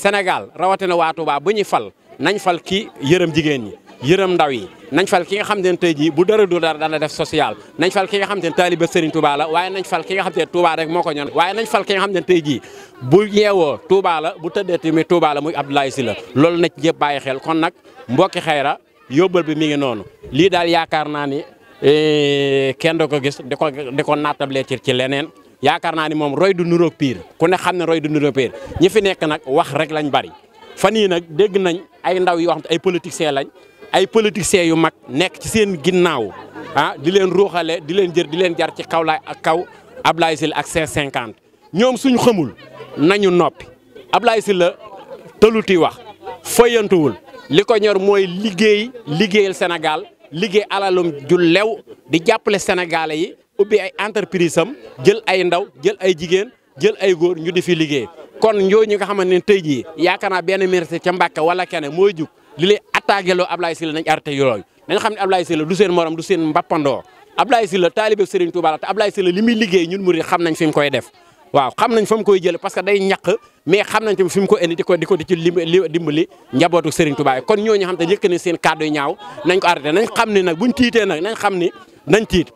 Sénégal rawatina waa Touba bu ñu fal nañ fal ki yërëm jigéen ñi yërëm ndaw yi nañ fal ki nga xam ne tey jii bu dara du dara dana def social nañ fal ki nga xam ne taaliba Serigne Touba la waaye nañ fal ki nga xam ne Touba rek moo ko ñoon waaye nañ fal ki nga xam ne tey jii bu yeewoo Touba la bu tëddee tamit Touba la muy Abdoulaye Sylla loolu na ci ñëpp bàyyi xel kon nag mbokki xayra yóbbal bi mi ngi noonu lii daal yaakaar naa ni eh, kenn du ko gis di ko di ko ci leneen yaakaar naa ni moom roy du nuroog piir ku ne xam ne roy du nuroog piir ñi fi nekk nag wax rek lañ bari fan yii nag dégg nañ ay ndaw yoo xam te ay politiciens lañ ay politiciens yu mag nekk ci seen ginnaaw ah di leen ruuxale di leen jër di leen jar ci kaw ak kaw Ablaye la ak c cinquante ñoom suñ xamul nañu noppi Ablaye Sylla tëluti wax fëyantuwul li ko ñor mooy liggéey liggéeyal senegal liggéey alalum ju lew di jàppale sénégalais yi ubbi ay entreprise jël ay ndaw jël ay jigéen jël ay góor ñu di fi liggéey kon ñooñu nga xamante ne tey jii yaakaar naa benn mérité ca Mbàkke wala keneen mooy jug li lay loo Ablaye Sylla nañ arrêté yooyu nañ xam ne Ablaye Sylla du seen morom du seen mbappandoo Ablaye Sylla taalibe Serigne Touba la te Ablaye Sylla li muy liggéey ñun murid xam nañ fi mu koy def waaw xam nañ fa koy jëlee parce day ñàq mais xam nañ tamit fi mu ko indi di ko di ko di ci dimbali njabootu Serigne Touba xam te yëkk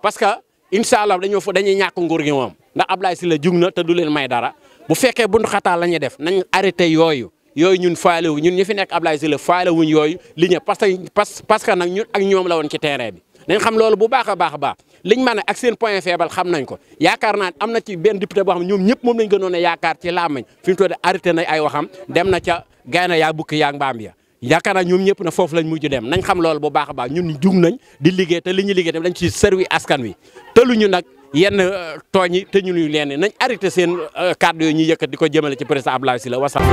incha allah dañoo fa dañuy ñàkk nguur gi moom ndax Ablaye Sylla jug na leen may dara bu fekkee buntu xataa la ñuy def nañ arrêté yooyu yooyu ñun faale wu ñun ñu fi nekk Ablaye Sylla faale wuñ yooyu li ñu parce que parce que nag ñun ag ñoom la woon ci terrain bi. nañ xam loolu bu baax a baax a baax liñ mën a ak seen point faible xam nañ ko yaakaar naa am na ci benn député boo xam ne ñoom ñëpp moom lañ gënoon a yaakaar ci laamañ fi mu toll arrêté nañ ay waxam dem na ca gaynde yaa bukki yaa mbaam ya yaakaar naa ñoom ñëpp na foofu lañ mujj dem nañ xam loolu bu baax a baax ñun jug nañ di liggéey te li ñu liggéey tamit dañ ci servi askan wi ñu nag yenn euh, tooñi te ñu leen nañ arrêté seen euh, kàddu yooyu ñuy yëkkat di ko jëmale ci président Abdoulaye Sylla wasalaam